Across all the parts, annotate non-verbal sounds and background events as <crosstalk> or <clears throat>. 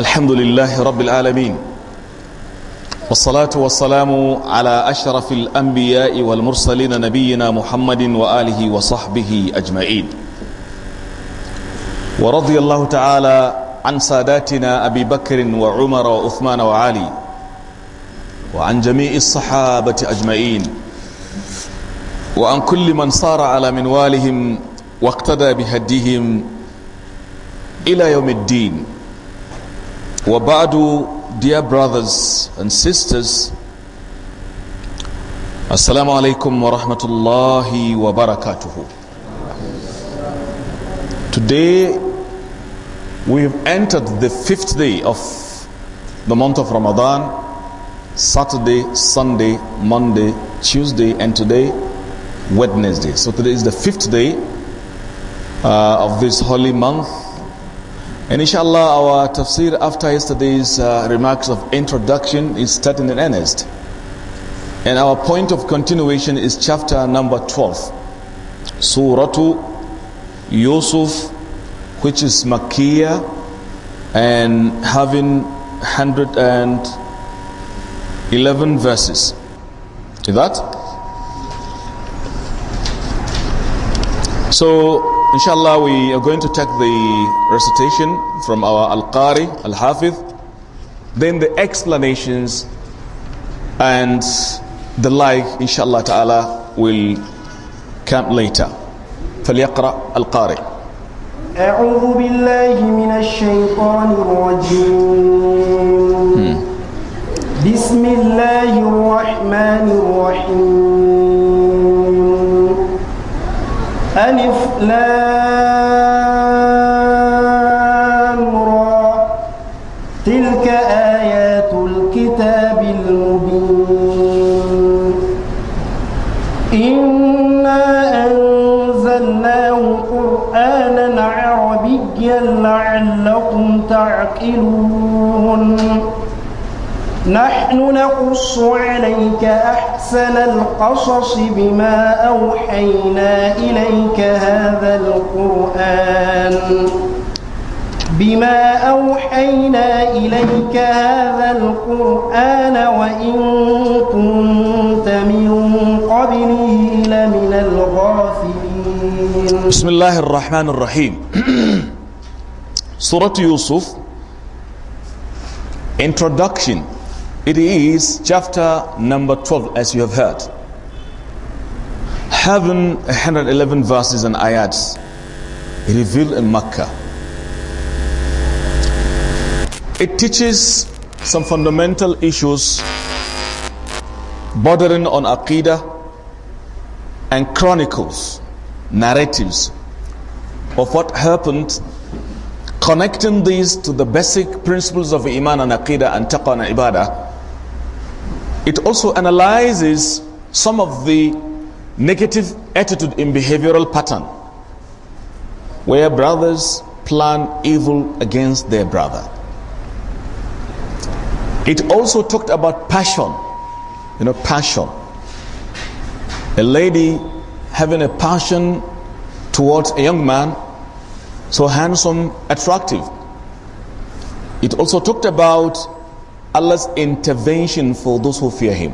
الحمد لله رب العالمين والصلاة والسلام على أشرف الأنبياء والمرسلين نبينا محمد وآله وصحبه أجمعين ورضي الله تعالى عن ساداتنا أبي بكر وعمر وعثمان وعلي وعن جميع الصحابة أجمعين وعن كل من صار على منوالهم واقتدى بهديهم إلى يوم الدين Wabadu, dear brothers and sisters, Assalamu alaikum wa rahmatullahi wa barakatuhu. Today we have entered the fifth day of the month of Ramadan, Saturday, Sunday, Monday, Tuesday, and today, Wednesday. So today is the fifth day uh, of this holy month and inshallah, our tafsir after yesterday's uh, remarks of introduction is starting in earnest. And our point of continuation is chapter number 12, Surah Yusuf, which is Makia, and having 111 verses. Is that? So Inshallah, we are going to take the recitation from our Al Qari, Al Hafiz, then the explanations and the like, inshallah ta'ala, will come later. فليقرأ القارئ أعوذ بالله من الشيطان الرجيم hmm. بسم الله الرحمن الرحيم ألف لام را تلك آيات الكتاب المبين إنا أنزلناه قرآنا عربيا لعلكم تعقلون نحن نقص عليك أحسن القصص بما أوحينا إليك هذا القرآن بما أوحينا إليك هذا القرآن وإن كنت من قبله لمن الغافلين بسم الله الرحمن الرحيم <clears throat> سورة يوسف Introduction It is chapter number 12 as you have heard. Having 111 verses and ayats revealed in Makkah. It teaches some fundamental issues bordering on Aqidah and chronicles, narratives of what happened, connecting these to the basic principles of Iman and Aqidah and Taqwa and Ibadah it also analyzes some of the negative attitude in behavioral pattern where brothers plan evil against their brother. It also talked about passion, you know, passion. A lady having a passion towards a young man, so handsome, attractive. It also talked about Allah's intervention for those who fear Him.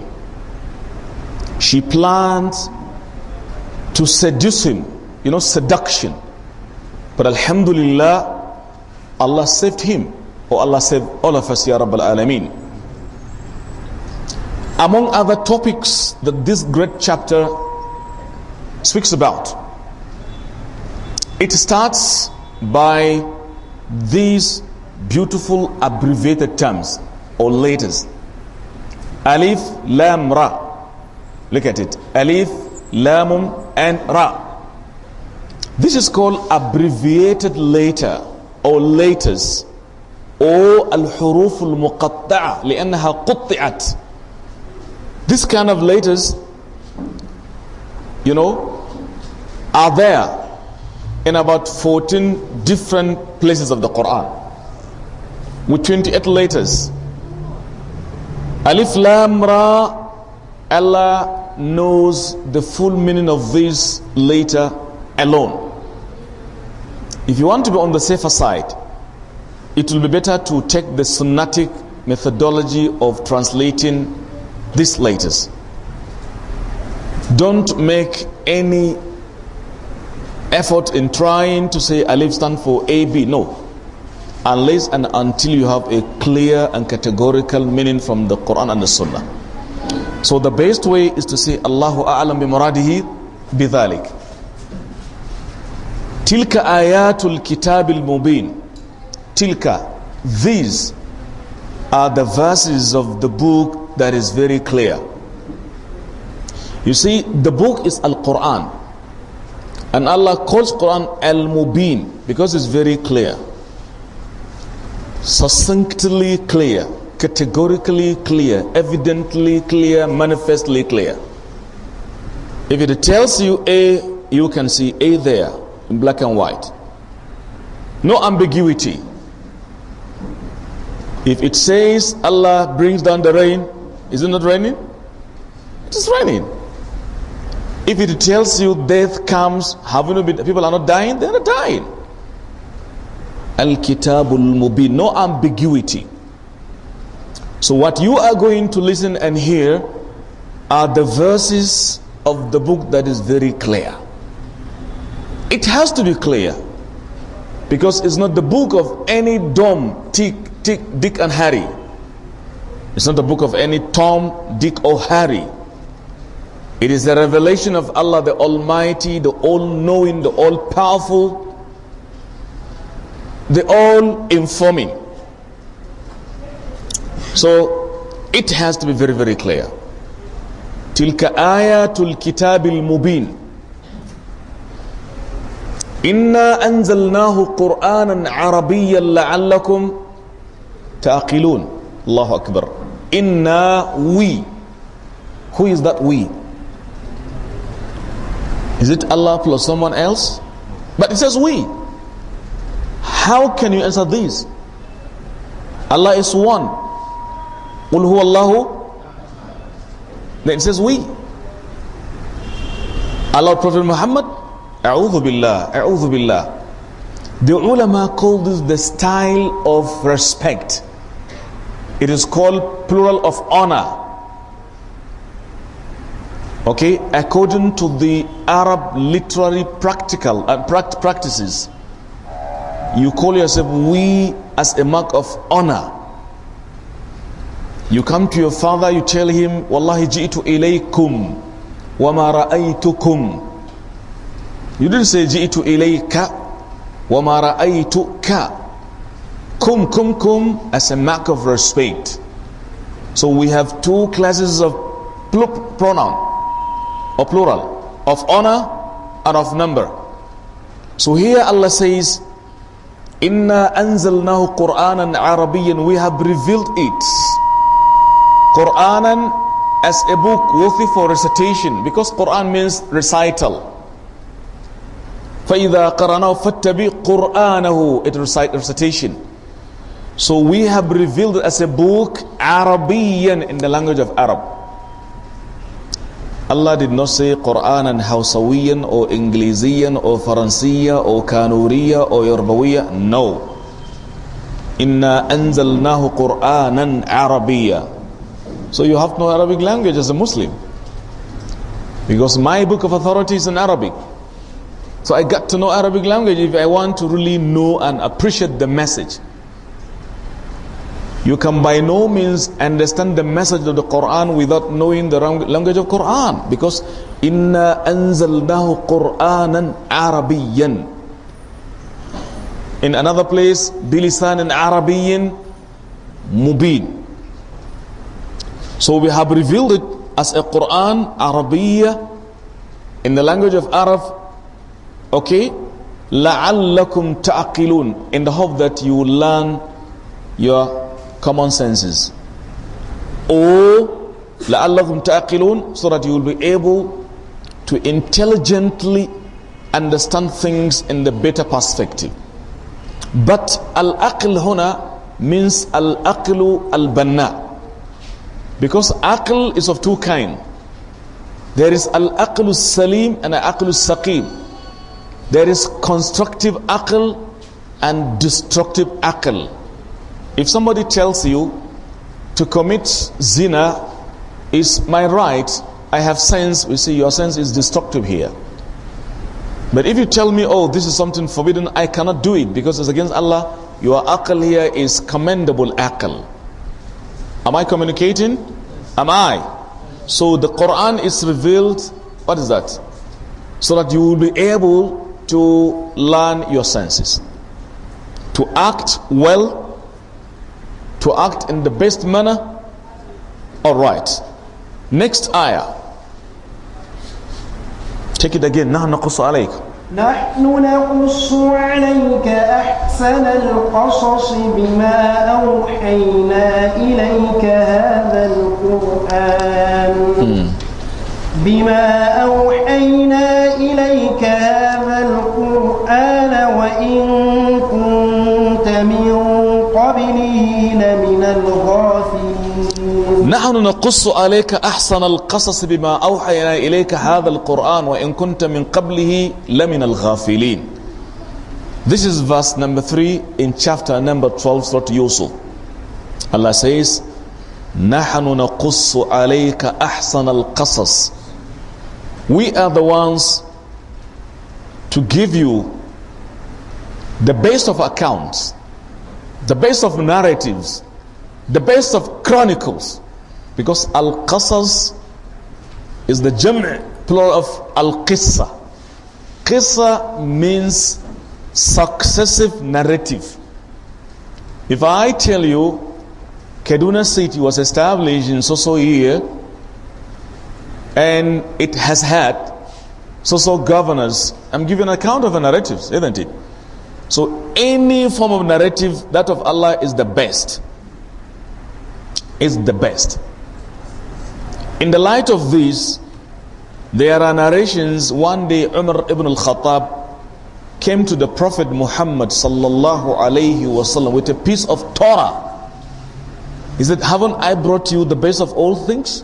She plans to seduce him, you know, seduction. But Alhamdulillah, Allah saved him, or oh, Allah saved all of us, Ya Rabbal Alameen. Among other topics that this great chapter speaks about, it starts by these beautiful abbreviated terms or letters. Alif, Lam, Ra. Look at it. Alif, Lamum, and Ra. This is called abbreviated letter or letters or al-huruf al-muqatta'a لأنها قطعت. This kind of letters, you know, are there in about 14 different places of the Quran with 28 letters Alif Lam Ra, Allah knows the full meaning of this later alone. If you want to be on the safer side, it will be better to take the Sunnatic methodology of translating these letters. Don't make any effort in trying to say Alif stand for A, B. No unless and until you have a clear and categorical meaning from the Quran and the Sunnah. So the best way is to say Allahu a'lam bi muradihi bidhalik. Tilka ayatul kitabil mubin. Tilka these are the verses of the book that is very clear. You see, the book is Al Quran, and Allah calls Quran Al Mubin because it's very clear succinctly clear, categorically clear, evidently clear, manifestly clear. If it tells you A, you can see A there in black and white. No ambiguity. If it says Allah brings down the rain, is it not raining? It is raining. If it tells you death comes, have you been, people are not dying, they are not dying. Al Kitabul Mubin. No ambiguity. So, what you are going to listen and hear are the verses of the book that is very clear. It has to be clear because it's not the book of any Dom, Tick, Tick, Dick, and Harry. It's not the book of any Tom, Dick, or Harry. It is the revelation of Allah, the Almighty, the All Knowing, the All Powerful the all informing. So it has to be very, very clear. Tilka ayatul kitabil mubin. Quran an قرآنا عربيا لعلكم taqilun. الله akbar. Inna we who is that we is it Allah plus someone else but it says we how can you answer this? Allah is one. قُلْ هُوَ Then it says we. Allah Prophet Muhammad, أعوذ billah, أعوذ billah." The ulama call this the style of respect. It is called plural of honor. Okay, according to the Arab literary practical uh, practices. You call yourself we as a mark of honor. You come to your father, you tell him, Wallahi ji'tu ilaykum wama ma ra'aytukum. You didn't say ji'tu ilayka wama ma ra'aytuka. Kum kum kum as a mark of respect. So we have two classes of pronoun or plural of honor and of number. So here Allah says, Inna anzalnahu Qur'anan Arabiyyan. We have revealed it. Qur'anan as a book worthy for recitation because Qur'an means recital. فَإِذَا قَرَنَهُ فَاتَّبِي قُرْآنَهُ It recite recitation. So we have revealed as a book Arabian in the language of Arab. Allah did not say Quran and Hausawiyan or Englishian or Faransiya or Kanuriya or Yorbawiya. No. Inna anzalnahu Qur'anan Arabiya. So you have no Arabic language as a Muslim. Because my book of authority is in Arabic. So I got to know Arabic language if I want to really know and appreciate the message. You can by no means understand the message of the Quran without knowing the language of Quran because inna anzalnahu Qur'anan Arabiyyan. In another place, bilisan and Arabiyyin mubin. So we have revealed it as a Quran Arabiya in the language of Arab. Okay, la'allakum ta'qilun in the hope that you will learn your common senses. Or oh, So that you will be able to intelligently understand things in the better perspective. But al-aql huna means al-aqlu al-banna. Because aql is of two kinds. There is al-aqlu salim and al-aqlu saqim. There is constructive aql and destructive aql. If somebody tells you to commit zina is my right, I have sense, we see your sense is destructive here. But if you tell me, oh, this is something forbidden, I cannot do it because it's against Allah, your akal here is commendable akal. Am I communicating? Am I? So the Quran is revealed, what is that? So that you will be able to learn your senses, to act well to act in the best manner all right next ayah take it again نحن نقص عليك نحن نقص عليك أحسن القصص بما أوحينا إليك هذا القرآن hmm. بما أوحينا إليك هذا القرآن وإن كنت من نحن نقص عليك أحسن القصص بما أوحينا إليك هذا القرآن وإن كنت من قبله لمن الغافلين This is verse number 3 in chapter number 12 Surah Yusuf. Allah says, نحن نقص عليك أحسن القصص We are the ones to give you the best of accounts the base of narratives, the base of chronicles. Because Al Qasas is the Jam' plural of Al Qissa. Qissa means successive narrative. If I tell you Kaduna city was established in so so year and it has had so so governors, I'm giving an account of the narratives, isn't it? So any form of narrative, that of Allah is the best. Is the best. In the light of this, there are narrations. One day Umar ibn al-Khattab came to the Prophet Muhammad sallallahu alayhi wasallam with a piece of Torah. He said, haven't I brought you the best of all things?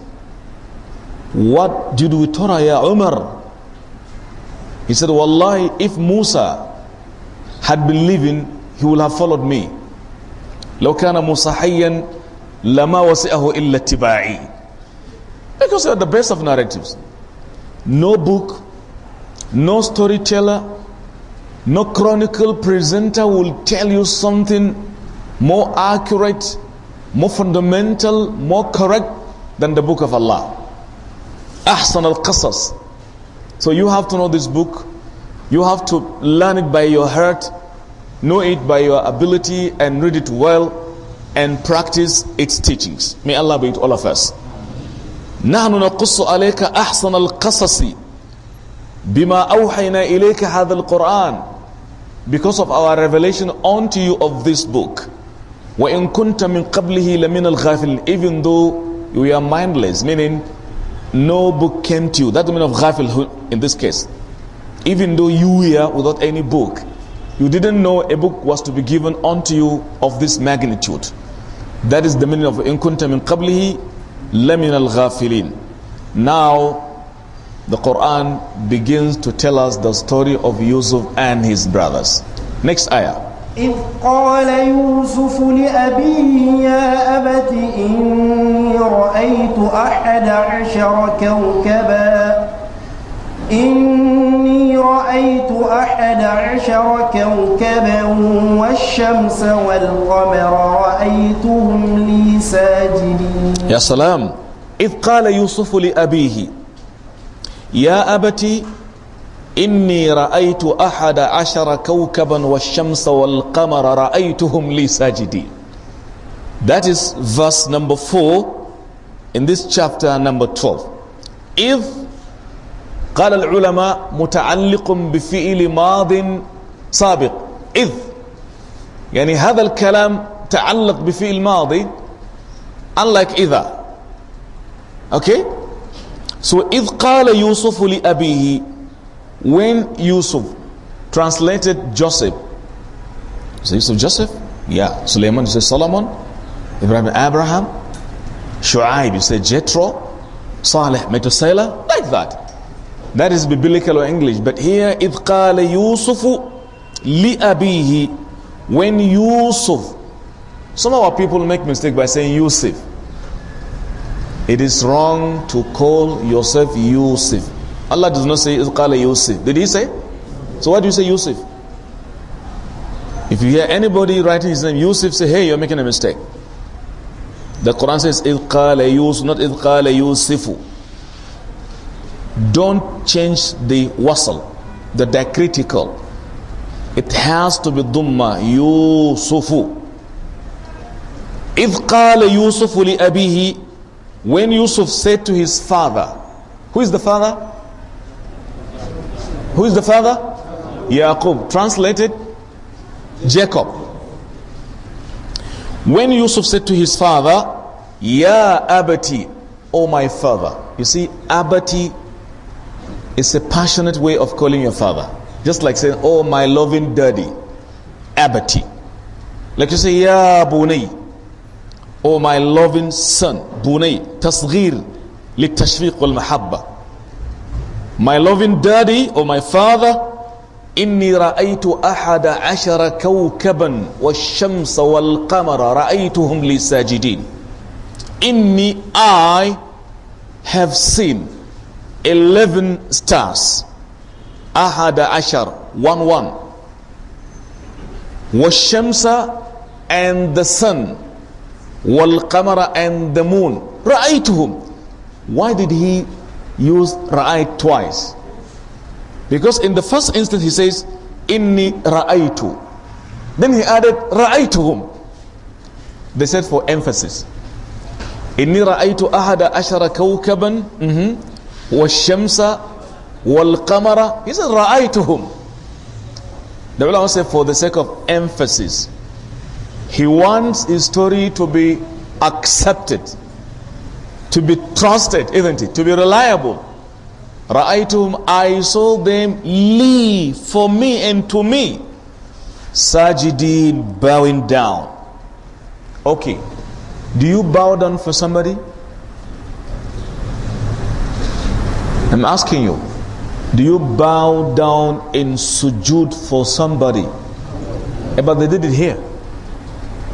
What do you do with Torah, ya Umar? He said, Wallahi, if Musa had been living, he will have followed me. لو كان lama حيا لما وسعه إلا اتباعي. Because they are the best of narratives. No book, no storyteller, no chronicle presenter will tell you something more accurate, more fundamental, more correct than the book of Allah. Ahsan al-Qasas. So you have to know this book you have to learn it by your heart, know it by your ability, and read it well, and practice its teachings. May Allah be with all of us. نحن نقص عليك أحسن القصص بما أوحينا إليك هذا القرآن because of our revelation unto you of this book وإن كنت من قبله لمن الغافل even though you are mindless meaning no book came to you that means of غافل in this case even though you were without any book, you didn't know a book was to be given unto you of this magnitude. That is the meaning of in kunta min qablihi lamin al ghafilin. Now, the Quran begins to tell us the story of Yusuf and his brothers. Next ayah. إذ قال يوسف لأبيه يا أبت إني رأيت أحد عشر كوكبا رأيت أحد عشر كوكبا والشمس والقمر رأيتهم لي ساجدين يا سلام إذ قال يوسف لأبيه يا أبتي إني رأيت أحد عشر كوكبا والشمس والقمر رأيتهم لي ساجدين That is verse number 4 in this chapter number 12. If قال العلماء متعلق بفعل ماض سابق إذ يعني هذا الكلام تعلق بفعل ماضي unlike إذا okay so إذ قال يوسف لأبيه when يوسف translated Joseph so Yusuf Joseph yeah Suleiman say Solomon Ibrahim Abraham Shu'aib you say Jethro Saleh Metusela like that That is biblical or English. But here, إِذْ قَالَ يُوسُفُ لِأَبِيهِ When Yusuf, some of our people make mistake by saying Yusuf. It is wrong to call yourself Yusuf. Allah does not say إِذْ قَالَ يُوسُف. Did he say? So why do you say Yusuf? If you hear anybody writing his name Yusuf, say, hey, you're making a mistake. The Quran says, إِذْ قَالَ يُوسُف, not إِذْ قَالَ يُوسِفُ don't change the wasl, the diacritical. It has to be Dhamma, Yusufu. إذ قال li Abihi, when Yusuf said to his father who is the father who is the father Yaqub translated Jacob when Yusuf said to his father Ya abati O my father you see abati it's a passionate way of calling your father. Just like saying, Oh, my loving daddy, Abati. Like you say, Ya Bunay. Oh, my loving son, Bunay. Tasghir, litashfiq wal mahabba. My loving daddy, or oh my father, إني رأيت أحد عشر كوكبا والشمس والقمر رأيتهم لي ساجدين. Inni I have seen 11 stars. Ahada Ashar, 1 1. Washamsa and the sun. Wal Qamara and the moon. Ra'aytuhum. Why did he use Ra'ayt twice? Because in the first instance he says, Inni Ra'aytu. Then he added Ra'aytuhum. They said for emphasis. إني رأيت أحد عشر كوكبا mm -hmm. وَالشَّمْسَ وَالْقَمَرَ He says, رَأَيْتُهُمْ The ulama say, for the sake of emphasis, he wants his story to be accepted, to be trusted, isn't it? To be reliable. رَأَيْتُهُمْ I saw them leave for me and to me. Sajidin bowing down. Okay. Do you bow down for somebody? I'm asking you, do you bow down in sujud for somebody? Eh, but they did it here.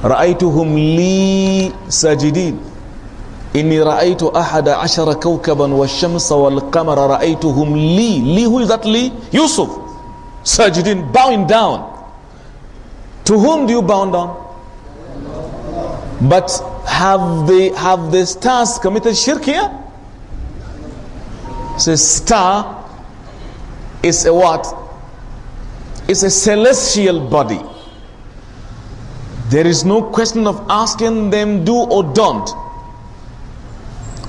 رأيتهم لي ساجدين إني رأيت أحد عشر كوكبا والشمس والقمر رأيتهم لي لي who is that لي يوسف ساجدين bowing down to whom do you bow down but have they have the stars committed shirk here so star is a what? It's a celestial body. There is no question of asking them do or don't.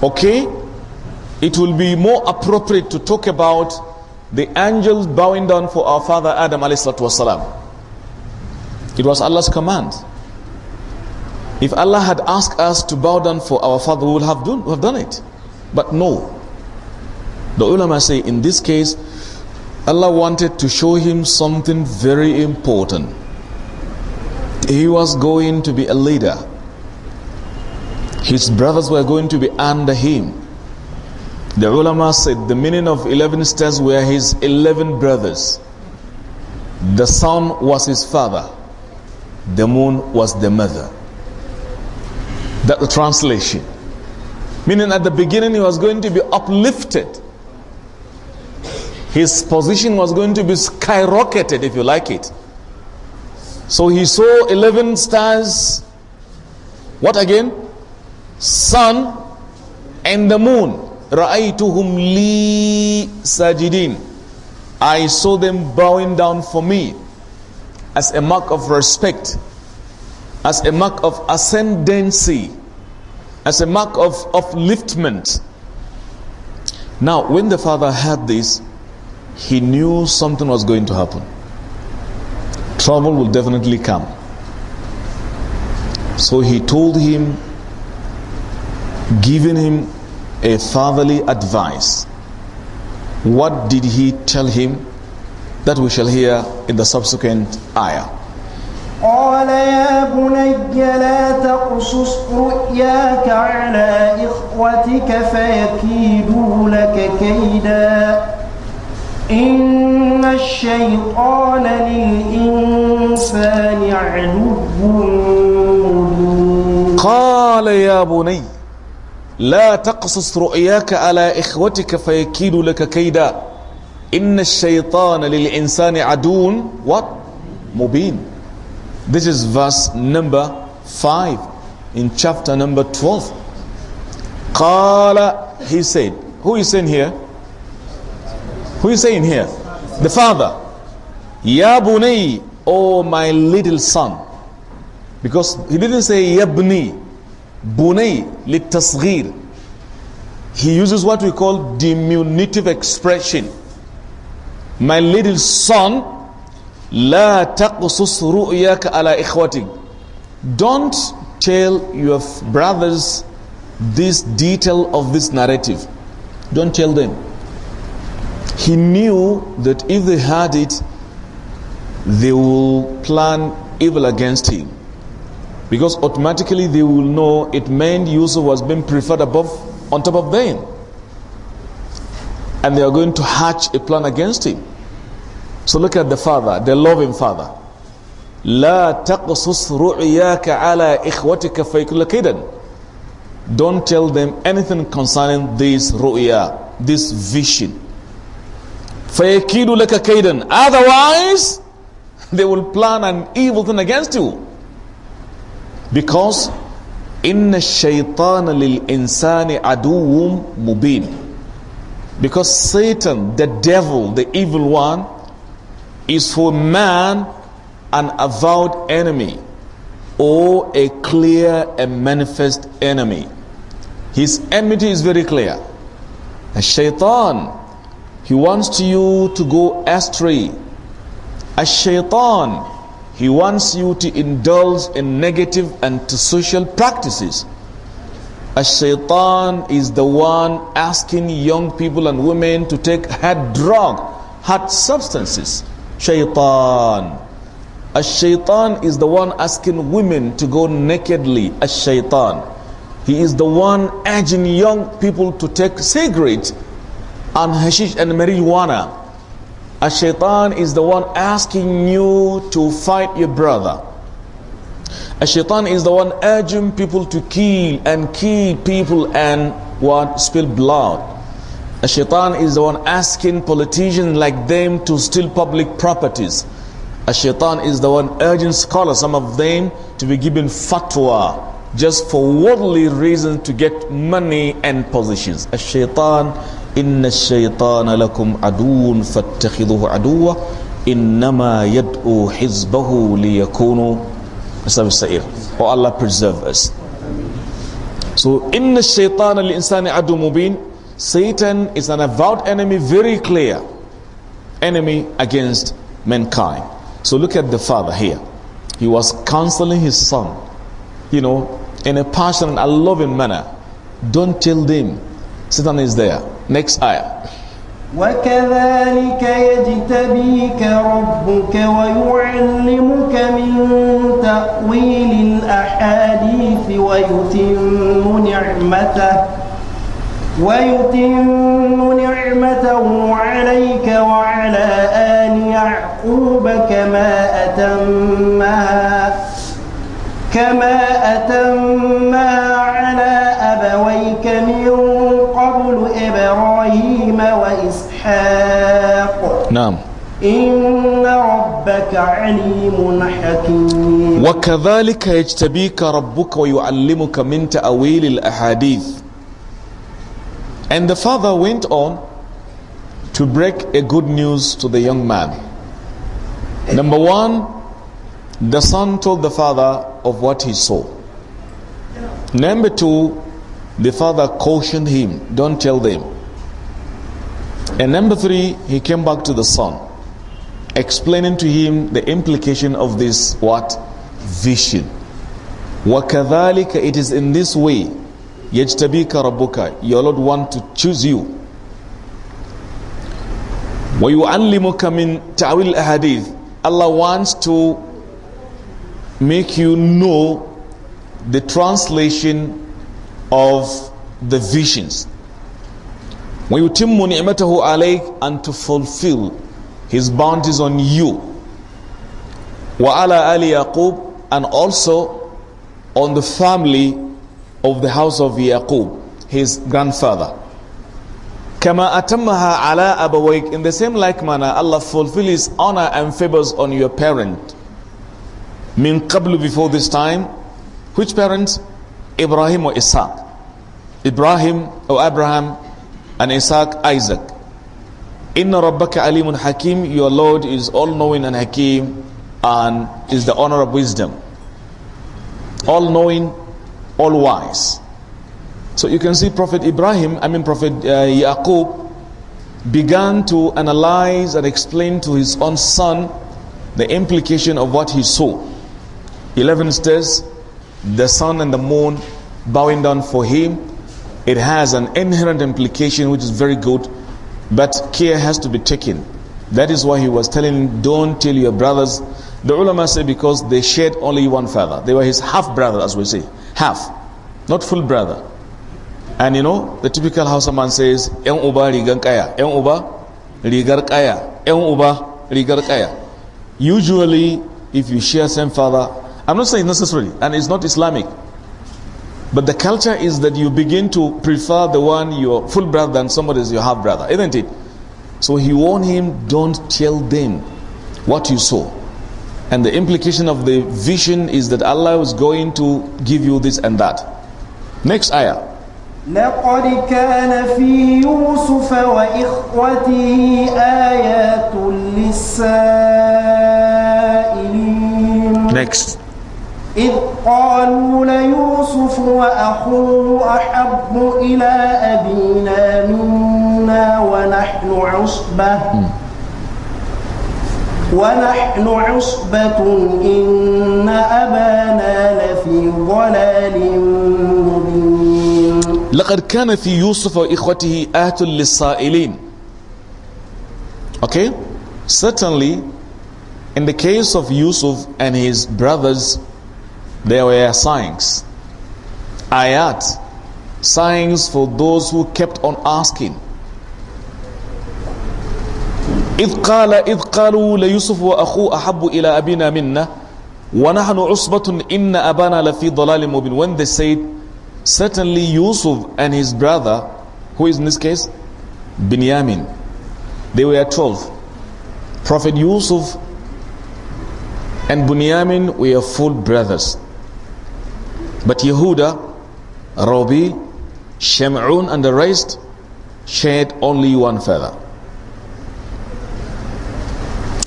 Okay? It will be more appropriate to talk about the angels bowing down for our father Adam wasalam. It was Allah's command. If Allah had asked us to bow down for our father, we would have done, we have done it. But no. The ulama say in this case, Allah wanted to show him something very important. He was going to be a leader. His brothers were going to be under him. The ulama said the meaning of 11 stars were his 11 brothers. The sun was his father. The moon was the mother. That the translation. Meaning at the beginning he was going to be uplifted his position was going to be skyrocketed, if you like it. So he saw 11 stars. What again? Sun and the moon. Ra'aytuhum li sajidin. I saw them bowing down for me as a mark of respect, as a mark of ascendancy, as a mark of upliftment. Now, when the father heard this, he knew something was going to happen. Trouble will definitely come. So he told him, giving him a fatherly advice. What did he tell him? That we shall hear in the subsequent ayah. قال يا بني لا تقصص رؤياك على إخوتك فيكيدوا لك كيداً إن الشيطان للإنسان عدو قال يا بني لا تقصص رؤياك على إخوتك فيكيد لك كيدا إن الشيطان للإنسان عدو what? مبين This is verse number 5 in chapter number 12 قال he said who is in here Who is saying here? The father. Ya oh my little son. Because he didn't say yabni. Bunay litasgir. He uses what we call diminutive expression. My little son, لا تقصص رؤياك على إخوتك Don't tell your brothers this detail of this narrative. Don't tell them. He knew that if they had it, they will plan evil against him. Because automatically they will know it meant Yusuf was being preferred above, on top of them. And they are going to hatch a plan against him. So look at the father, the loving father. لا تقصص رؤياك على إخوتك فيكل Don't tell them anything concerning this ru'ya, this vision. فَيَكِيدُ لَكَ كَيْدًا Otherwise, they will plan an evil thing against you. Because إِنَّ الشَّيْطَانَ لِلْإِنسَانِ عَدُوٌ مُبِينٌ Because Satan, the devil, the evil one, is for man an avowed enemy or a clear and manifest enemy. His enmity is very clear. And shaitan he wants you to go astray. As shaitan, he wants you to indulge in negative antisocial practices. As shaitan is the one asking young people and women to take hard drug, hard substances. Shaitan. As shaitan is the one asking women to go nakedly. As shaitan. He is the one urging young people to take cigarettes and hashish and marijuana. A shaitan is the one asking you to fight your brother. A shaitan is the one urging people to kill and kill people and what spill blood. A shaitan is the one asking politicians like them to steal public properties. A shaitan is the one urging scholars, some of them, to be given fatwa just for worldly reasons to get money and positions. A shaitan إن الشيطان لكم عدو فاتخذوه عدوا إنما يدعو حزبه ليكونوا سبب السعير و Allah preserve us So إن الشيطان للإنسان عدو مبين Satan is an avowed enemy very clear enemy against mankind So look at the father here He was counseling his son You know in a passionate and loving manner Don't tell them Satan is there Next ayah. وكذلك يجتبيك ربك ويعلمك من تأويل الأحاديث ويتم نعمته ويتم نعمته عليك وعلى آل يعقوب كما أتمها كما أتمها على أبويك من وإبراهيم وإسحاق نعم إن ربك عليم حكيم وكذلك يجتبيك ربك ويعلمك من تأويل الأحاديث And the father went on to break a good news to the young man. Number one, the son told the father of what he saw. Number two, the father cautioned him, don't tell them. And number three, he came back to the son, explaining to him the implication of this what? Vision. ka It is in this way, يَجْتَبِيكَ رَبُّكَ Your Lord want to choose you. kamin مِنْ تَعْوِيلِ hadith. Allah wants to make you know the translation of the visions. when you وَيُتِمُّ who alayk And to fulfill His bounties on you. وَعَلَى آلِ يَعْقُوبَ And also on the family of the house of Yaqub, his grandfather. Kama أَتَمَّهَا Ala أَبَوَيْكَ In the same like manner, Allah fulfill His honor and favors on your parent. Min قَبْلُ Before this time, which parents? Ibrahim or Isaac. Ibrahim or Abraham and Isaac, Isaac. Inna Rabbaka Alimun Hakim, your Lord is all knowing and Hakim and is the honor of wisdom. All knowing, all wise. So you can see Prophet Ibrahim, I mean Prophet uh, Yaqub, began to analyze and explain to his own son the implication of what he saw. 11 says the sun and the moon bowing down for him, it has an inherent implication which is very good, but care has to be taken. That is why he was telling don't tell your brothers. The ulama say because they shared only one father. They were his half brother, as we say. Half, not full brother. And you know, the typical Hausa man says, Yan uba rigar kaya. Yan uba rigar kaya. Yan uba rigar kaya. Usually, if you share same father, I'm not saying necessarily, and it's not Islamic. But the culture is that you begin to prefer the one your full brother than somebody's your half brother, isn't it? So he warned him, don't tell them what you saw. And the implication of the vision is that Allah was going to give you this and that. Next ayah. لقد كان في يوسف وإخوته آيات للسائلين Next. إذ قالوا ليوسف وأخوه أحب إلى أبينا منا ونحن عصبة ونحن عصبة إن أبانا لفي ضلال لقد كان في يوسف وإخوته آت للسائلين Okay? Certainly, in the case of Yusuf and his brothers, There were signs, ayat, signs for those who kept on asking. إذ قال إذ قالوا ليوسف وأخوه أحب إلى أبينا منا ونحن عصبة إن أبانا لفي ضلال مبين when they said certainly Yusuf and his brother who is in this case Binyamin they were 12 Prophet Yusuf and Binyamin were full brothers but Yehuda, Robi, Shem'un and the rest shared only one feather.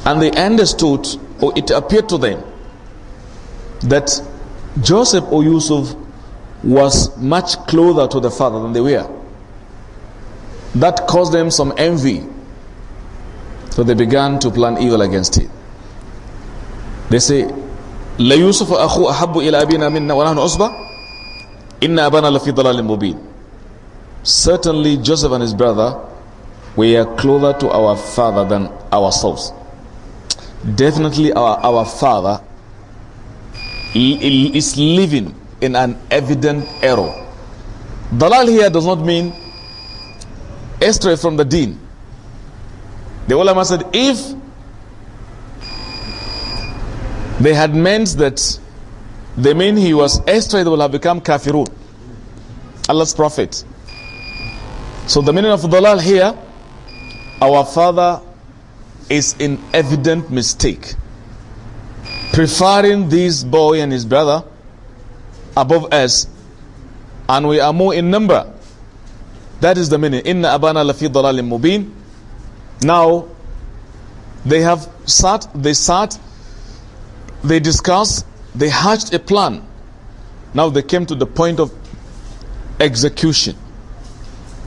And they understood, or it appeared to them, that Joseph or Yusuf was much closer to the father than they were. That caused them some envy. So they began to plan evil against him. They say, ليوسف أخو أحب إلى أبينا منا ونحن عصبة إن أبانا لفي ضلال مبين Certainly Joseph and his brother were closer to our father than ourselves. Definitely our, our father is living in an evident error. Dalal here does not mean astray from the deen. The ulama said, if they had meant that they mean he was astray, they will have become kafirun. Allah's prophet. So the meaning of dalal here, our father is in evident mistake. Preferring this boy and his brother above us, and we are more in number. That is the meaning. Inna abana lafi dalalim mubin. Now, they have sat, they sat they discussed, they hatched a plan. Now they came to the point of execution.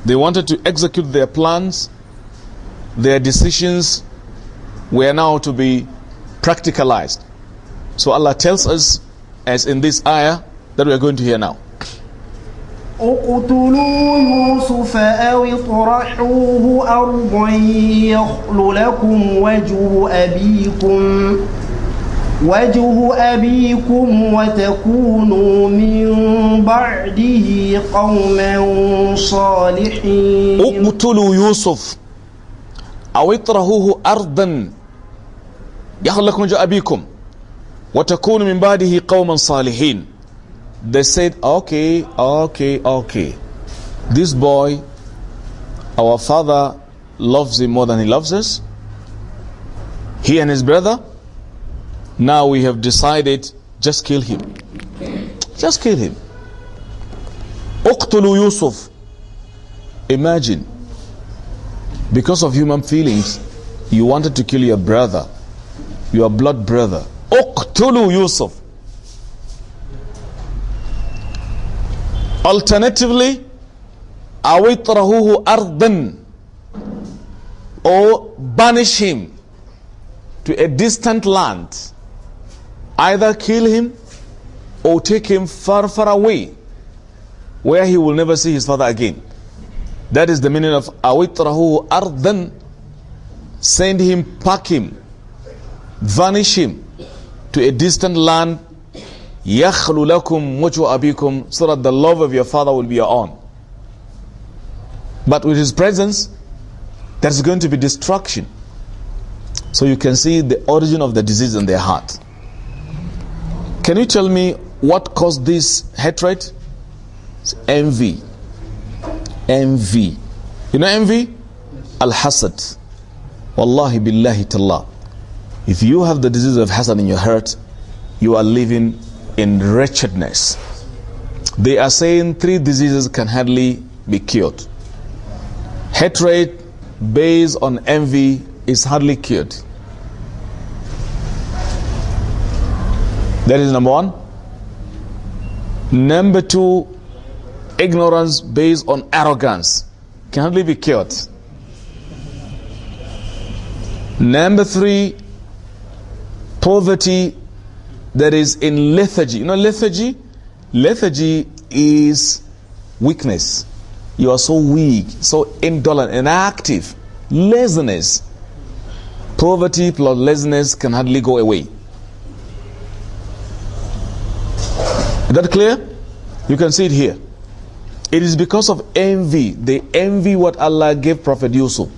They wanted to execute their plans. Their decisions were now to be practicalized. So Allah tells us, as in this ayah that we are going to hear now. اقتلوا يوسف أو اطرحوه أرضا يخل لكم وجه أبيكم وجه أبيكم وتكونوا من بعده قوما صالحين اقتلوا يوسف أو اطرهوه أرضا يخلق وجه أبيكم وتكونوا من بعده قوما صالحين They said okay okay okay This boy our father loves him more than he loves us He and his brother Now we have decided, just kill him. Just kill him. Uqtulu Yusuf. Imagine, because of human feelings, you wanted to kill your brother, your blood brother. Uqtulu Yusuf. Alternatively, awitrahuhu ardan or banish him to a distant land either kill him or take him far, far away where he will never see his father again. That is the meaning of awitrahu ardan. Send him, pack him, vanish him to a distant land. Yakhlu mucho abikum so that the love of your father will be your own. But with his presence, there's going to be destruction. So you can see the origin of the disease in their heart. Can you tell me what caused this hatred? It's envy. Envy. You know envy? Al hasad. Wallahi billahi tallah. If you have the disease of hasad in your heart, you are living in wretchedness. They are saying three diseases can hardly be cured. Hatred based on envy is hardly cured. That is number one. Number two, ignorance based on arrogance can hardly be cured. Number three, poverty that is in lethargy. You know, lethargy? Lethargy is weakness. You are so weak, so indolent, inactive, laziness. Poverty plus laziness can hardly go away. Is that clear? You can see it here. It is because of envy. They envy what Allah gave Prophet Yusuf.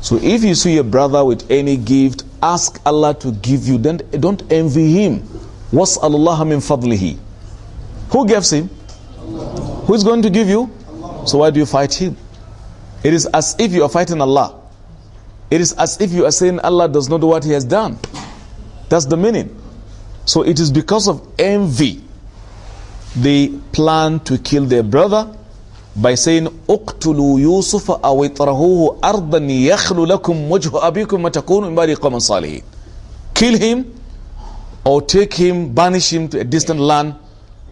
So if you see your brother with any gift, ask Allah to give you. Then don't envy him. What's Allah min fadlihi? Who gives him? Who is going to give you? So why do you fight him? It is as if you are fighting Allah. It is as if you are saying Allah does not do what he has done. That's the meaning. So it is because of envy they plan to kill their brother by saying اقتلوا يوسف أو اطرحوه أرضا يخلو لكم وجه أبيكم وتكونوا من قوم صالحين kill him or take him banish him to a distant land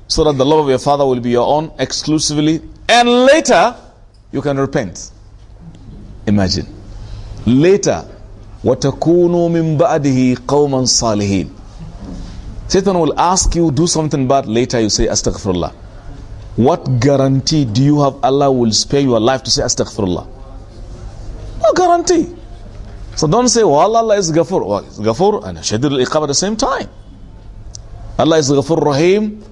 so that the love of your father will be your own exclusively and later you can repent imagine later وتكونوا من بعده قوما صالحين Satan will ask you, do something bad. Later you say, Astaghfirullah. What guarantee do you have Allah will spare your life to say Astaghfirullah? No guarantee. So don't say, well, Allah is Ghafur. Well, Ghafur and Shadir al-Iqab at the same time. Allah is Ghafur Rahim,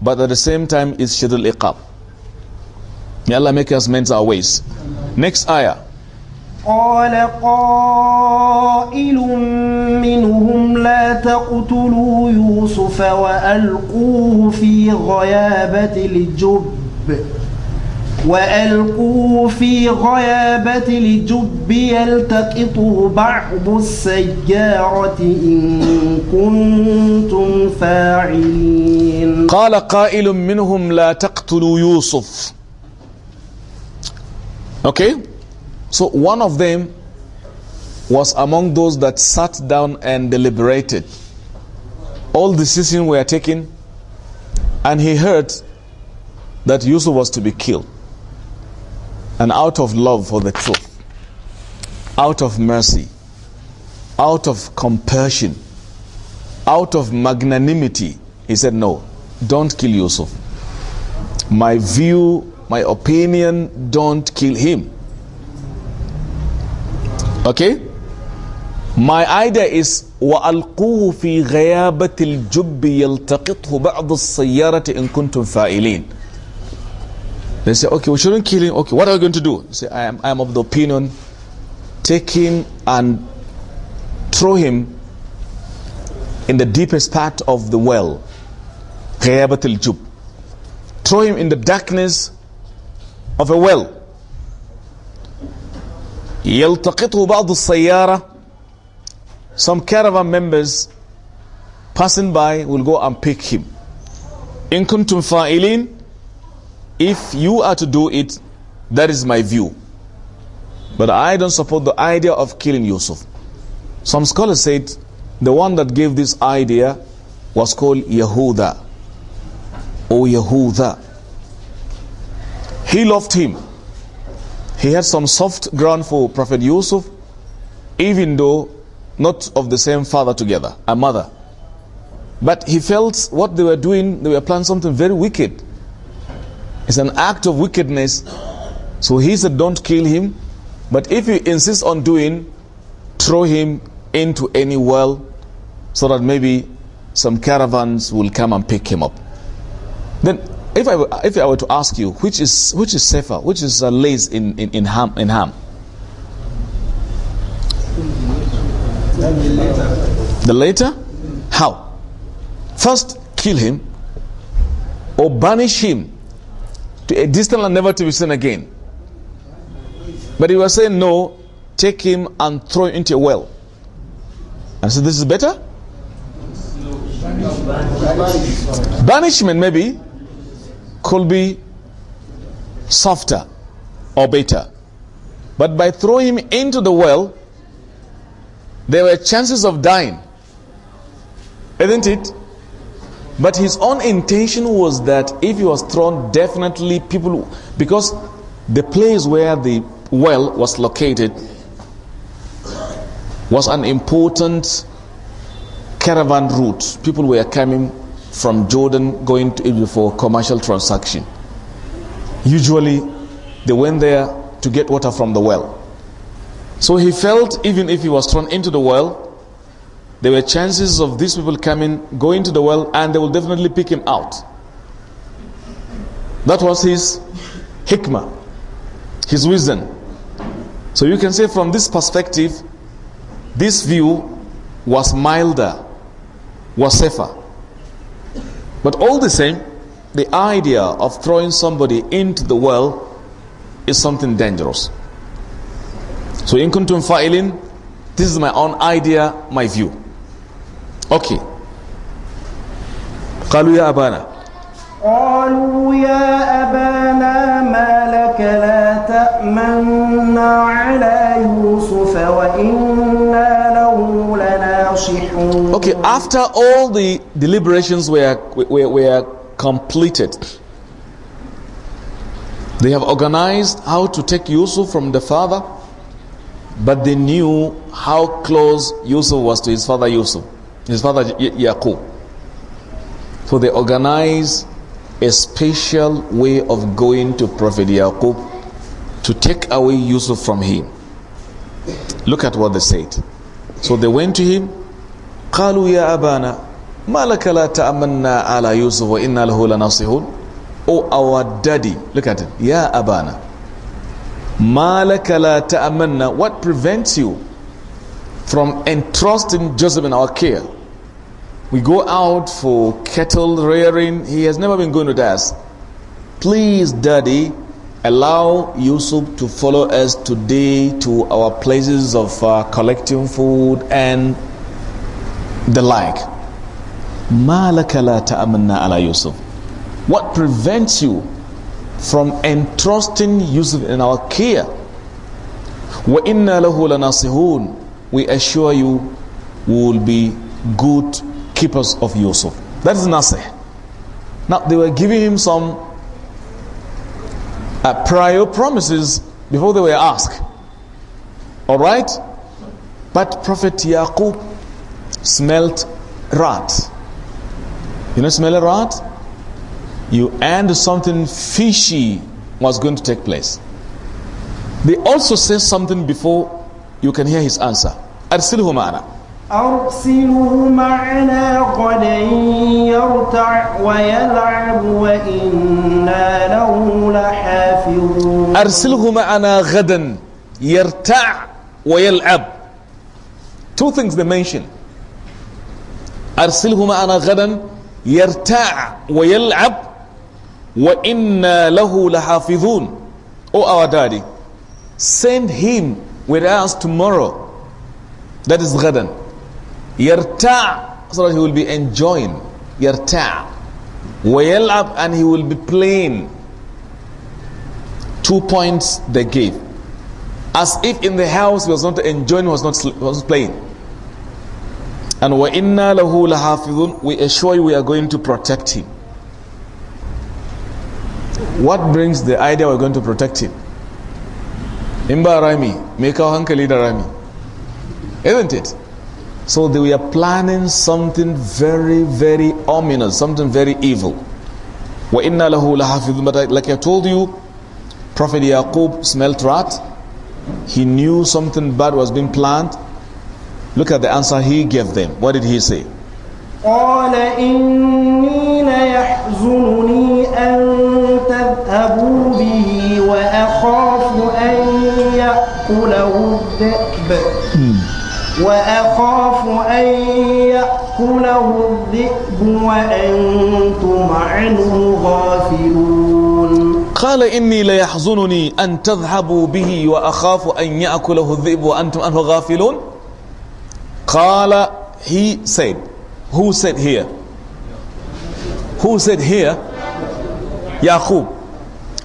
but at the same time is Shadir al-Iqab. May Allah make us mend our ways. Next ayah. قال قائل منهم لا تقتلوا يوسف وألقوه في غيابة الجب وألقوه في غيابة الجب يلتقطه بعض السيارة إن كنتم فاعلين قال قائل منهم لا تقتلوا يوسف أوكي okay. So one of them was among those that sat down and deliberated. All decisions were taken, and he heard that Yusuf was to be killed. And out of love for the truth, out of mercy, out of compassion, out of magnanimity, he said, No, don't kill Yusuf. My view, my opinion, don't kill him. Okay? My idea is وألقوه في غيابة الجب يلتقطه بعض السيارة إن كنتم فائلين. They say, okay, we shouldn't kill him. Okay, what are we going to do? They say, I am, I am of the opinion, take him and throw him in the deepest part of the well. غيابة الجب. Throw him in the darkness of a well. يلتقطه بعض السيارة some caravan members passing by will go and pick him in kuntum fa'ilin if you are to do it that is my view but I don't support the idea of killing Yusuf some scholars said the one that gave this idea was called Yehuda or oh, Yehuda he loved him he had some soft ground for Prophet Yusuf, even though not of the same father together, a mother. But he felt what they were doing, they were planning something very wicked. It's an act of wickedness. So he said, don't kill him. But if you insist on doing, throw him into any well so that maybe some caravans will come and pick him up. Then if I, if I were to ask you, which is, which is safer, which is uh, lays in, in, in harm? In harm? The later? How? First, kill him or banish him to a distant land never to be seen again. But he was saying, no, take him and throw him into a well. And so this is better? Banishment, maybe could be softer or better. But by throwing him into the well, there were chances of dying. Isn't it? But his own intention was that if he was thrown, definitely people, because the place where the well was located was an important caravan route. People were coming from Jordan going to Egypt for commercial transaction. Usually, they went there to get water from the well. So he felt even if he was thrown into the well, there were chances of these people coming, going to the well, and they will definitely pick him out. That was his hikmah, his wisdom. So you can say from this perspective, this view was milder, was safer. But all the same, the idea of throwing somebody into the well is something dangerous. So in kuntum fa'ilin, this is my own idea, my view. Okay. قالوا يا أبانا قالوا يا أبانا ما لك لا تأمنا على يوسف وإنا له Okay, after all the deliberations were, were, were completed, they have organized how to take Yusuf from the father, but they knew how close Yusuf was to his father Yusuf, his father Yaqub. So they organized a special way of going to Prophet Yaqub to take away Yusuf from him. Look at what they said. So they went to him قالوا يا أبانا ما لك لا تأمنا على يوسف وإنا له لناصحون Oh our daddy Look at it يا أبانا ما لك لا تأمنا What prevents you from entrusting Joseph in our care? We go out for cattle rearing. He has never been going with us. Please, Daddy, allow Yusuf to follow us today to our places of uh, collecting food and the like. What prevents you from entrusting Yusuf in our care? We assure you we will be good keepers of Yusuf. That is Nasih. Now they were giving him some uh, prior promises before they were asked. Alright? But Prophet Yaqub smelt rat. You know, smell a rat? You and something fishy was going to take place. They also say something before you can hear his answer. أرسله معنا. أرسله معنا غدا يرتع ويلعب وإنا له لحافظون. أرسله معنا غدا يرتع ويلعب. Two things they mention. أرسله أنا غدا يرتاع ويلعب وإنا له لحافظون O oh, our daddy, send him with us tomorrow. That is ghadan. Yarta' so that he will be enjoying. Yarta' Wayalab and he will be playing. Two points they gave. As if in the house he was not enjoying, was not, was playing. And wa inna lahu lahafidhun. We assure you we are going to protect him. What brings the idea we're going to protect him? Imba rami, make our hankali da rami. Isn't it? So they were planning something very, very ominous, something very evil. Wa inna lahu lahafidhun. But like I told you, Prophet Yaqub smelled rat. He knew something bad was being planned Look at the answer he gave them. What did he say? قال إني ليحزنني أن hmm. وأخاف أن يأكله الذئب وأنتم عنه غافلون قال إني ليحزنني أن تذهبوا به وأخاف أن يأكله الذئب وأنتم عنه غافلون Qala, he said. Who said here? Who said here? Yaqub.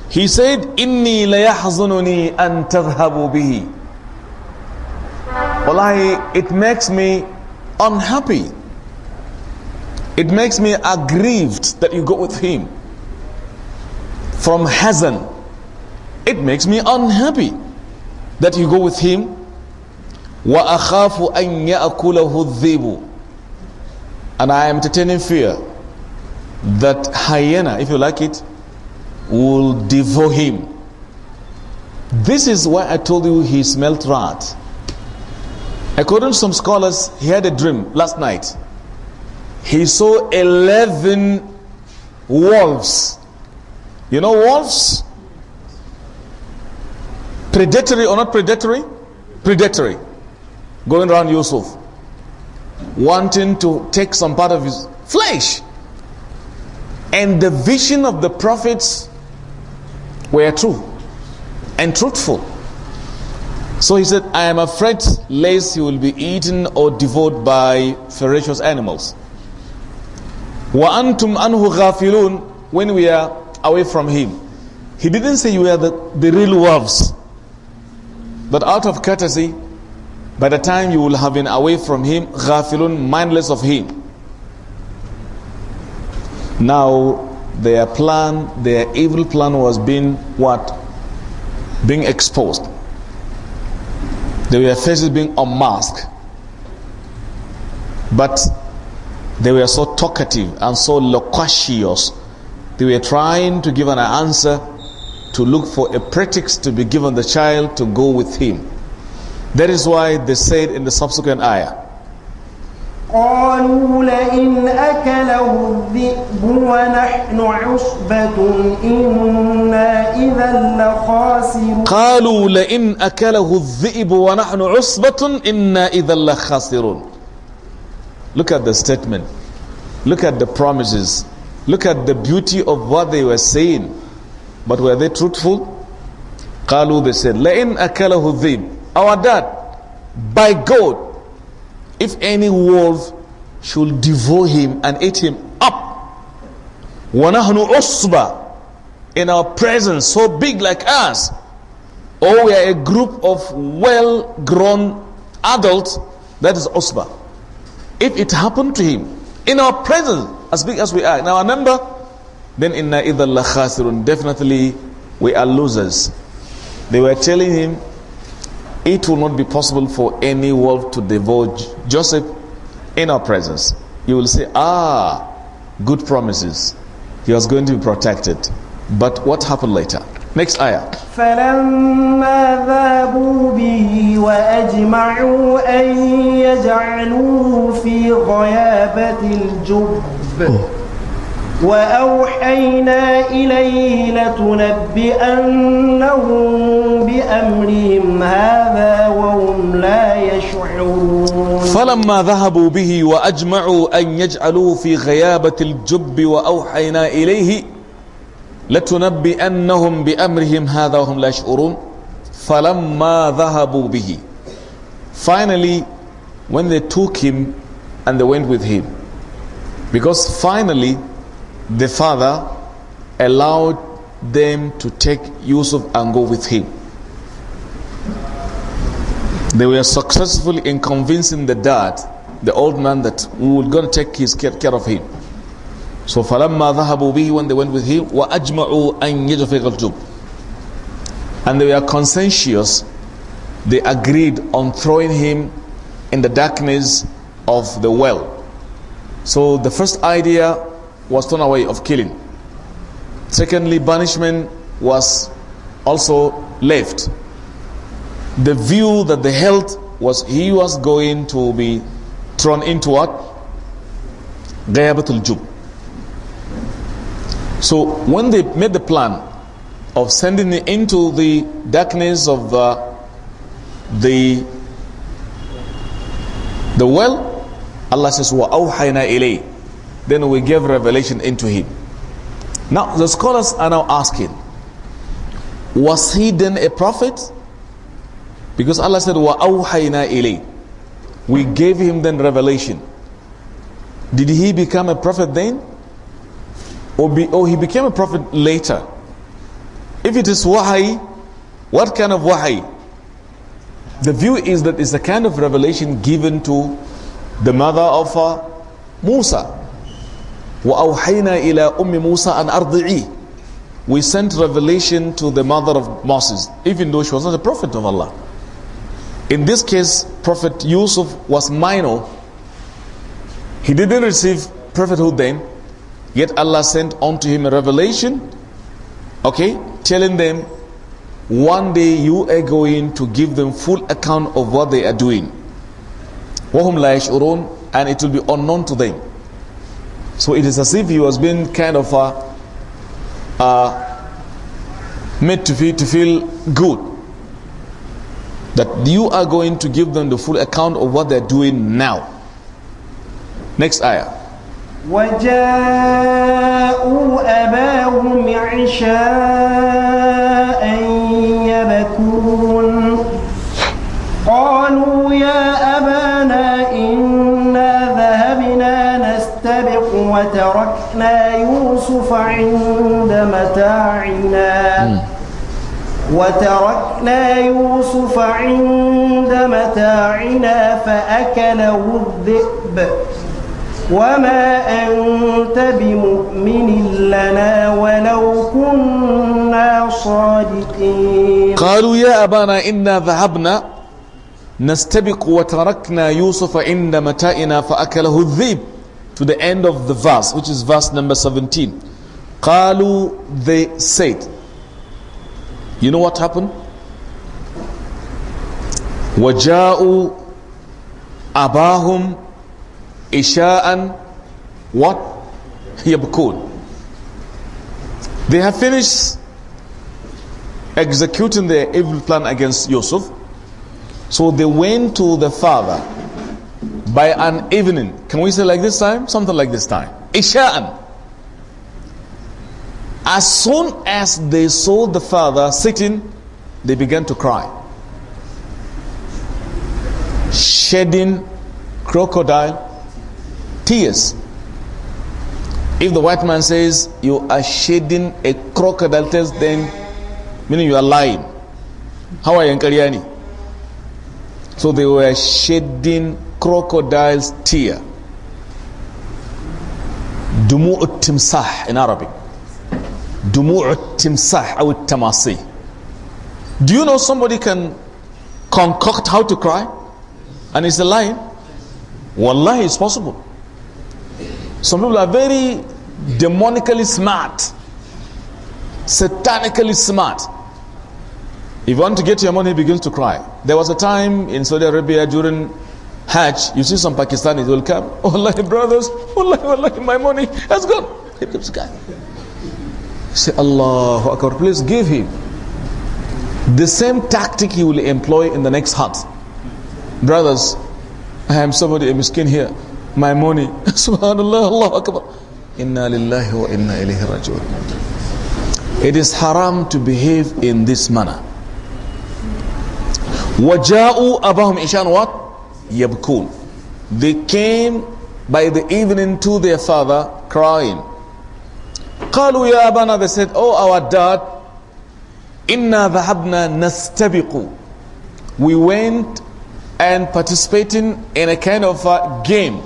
He said, Inni layahzununi an tadhhabu bihi. Wallahi, it makes me unhappy. It makes me aggrieved that you go with him. From Hazan. It makes me unhappy that you go with him and I am entertaining fear that hyena, if you like it, will devour him. This is why I told you he smelt rat. According to some scholars, he had a dream last night. He saw 11 wolves. You know wolves? Predatory or not predatory? Predatory going around Yusuf, wanting to take some part of his flesh. And the vision of the prophets were true and truthful. So he said, I am afraid lest he will be eaten or devoured by ferocious animals. When we are away from him. He didn't say you are the, the real wolves. But out of courtesy, by the time you will have been away from him, ghafilun, mindless of him. Now, their plan, their evil plan was being what? Being exposed. Their faces being unmasked. But they were so talkative and so loquacious. They were trying to give an answer to look for a pretext to be given the child to go with him. That is why they said in the subsequent ayah, قالوا لئن أكله الذئب ونحن عصبة إنا إذا لخاسرون قالوا لئن أكله الذئب ونحن عصبة إنا إذا لخاسرون Look at the statement. Look at the promises. Look at the beauty of what they were saying. But were they truthful? قالوا they said لئن أكله الذئب our dad, by God, if any wolf should devour him and eat him up, وَنَحْنُ أُصْبَةً in our presence, so big like us, or we are a group of well grown adults, that is Osba. If it happened to him in our presence, as big as we are, in our number, then in Definitely we are losers. They were telling him it will not be possible for any wolf to devour Joseph in our presence. You will say, ah, good promises. He was going to be protected. But what happened later? Next ayah. فَلَمَّا ذَابُوا بِهِ وَأَجْمَعُوا أَن يَجْعَلُوهُ فِي غَيَابَةِ الْجُبِّ oh. وأوحينا إليه لتنبئنهم بأمرهم هذا وهم لا يشعرون فلما ذهبوا به وأجمعوا أن يجعلوا في غيابة الجب وأوحينا إليه لتنبئنهم بأمرهم هذا وهم لا يشعرون فلما ذهبوا به Finally, when they took him and they went with him. Because finally, the father allowed them to take Yusuf and go with him. They were successful in convincing the dad, the old man, that we were going to take his care, care of him. So فَلَمَّا ذَهَبُوا بِهِ When they went with him, وَأَجْمَعُوا أَنْ يَجْفِقَ الْجُبْ And they were conscientious. They agreed on throwing him in the darkness of the well. So the first idea was turned away of killing. Secondly, banishment was also left. The view that the health was he was going to be thrown into what? Ghayabatul Jub. So when they made the plan of sending him into the darkness of the the, the well, Allah says, وَأَوْحَيْنَا إِلَيْهِ then we gave revelation into him. Now, the scholars are now asking, was he then a prophet? Because Allah said, "Wa We gave him then revelation. Did he become a prophet then? Or, be, or he became a prophet later? If it is wahai, what kind of wahai? The view is that it's the kind of revelation given to the mother of uh, Musa. وَأَوْحَيْنَا إِلَىٰ أُمِّ مُوسَىٰ أَنْ أَرْضِعِيهِ We sent revelation to the mother of Moses, even though she was not a prophet of Allah. In this case, Prophet Yusuf was minor. He didn't receive prophethood then, yet Allah sent unto him a revelation, okay, telling them, one day you are going to give them full account of what they are doing. وَهُمْ لَا يَشْعُرُونَ And it will be unknown to them. So it is as if he was being kind of made to feel, to feel good. That you are going to give them the full account of what they're doing now. Next ayah. وجاءوا أباهم عشاء يبكون قالوا يا أبانا وتركنا يوسف عند متاعنا وتركنا يوسف عند متاعنا فأكله الذئب وما أنت بمؤمن لنا ولو كنا صادقين قالوا يا أبانا إنا ذهبنا نستبق وتركنا يوسف عند متاعنا فأكله الذئب to the end of the verse, which is verse number 17. Qalu, they said. You know what happened? Waja'u abahum isha'an what? Yabkun. They have finished executing their evil plan against Yusuf. So they went to the father by an evening. Can we say like this time? Something like this time. Isha'an. As soon as they saw the father sitting, they began to cry. Shedding crocodile tears. If the white man says you are shedding a crocodile tears, then meaning you are lying. How are you, Nkariani? So they were shedding crocodile's tear. دموع التمساح in Arabic. دموع التمساح أو التماسي. Do you know somebody can concoct how to cry? And it's a lie. Wallahi, it's possible. Some people are very demonically smart, satanically smart. If you want to get your money, begins to cry. There was a time in Saudi Arabia during Hajj, you see some Pakistanis will come. Oh, <laughs> Allah, brothers. Allah, Allah, my money has gone. He becomes guy. Say, Allahu Akbar, please give him. The same tactic he will employ in the next hut. Brothers, I am somebody, a miskin here. My money. <laughs> Subhanallah, Allahu Akbar. Inna lillahi wa inna ilayhi raji'un. It is haram to behave in this manner. وَجَاءُوا أَبَهُمْ إِشَانُ What? yabkun. They came by the evening to their father crying. قالوا يا أبانا they said, oh our dad, إنا ذهبنا نستبق. We went and participating in a kind of a game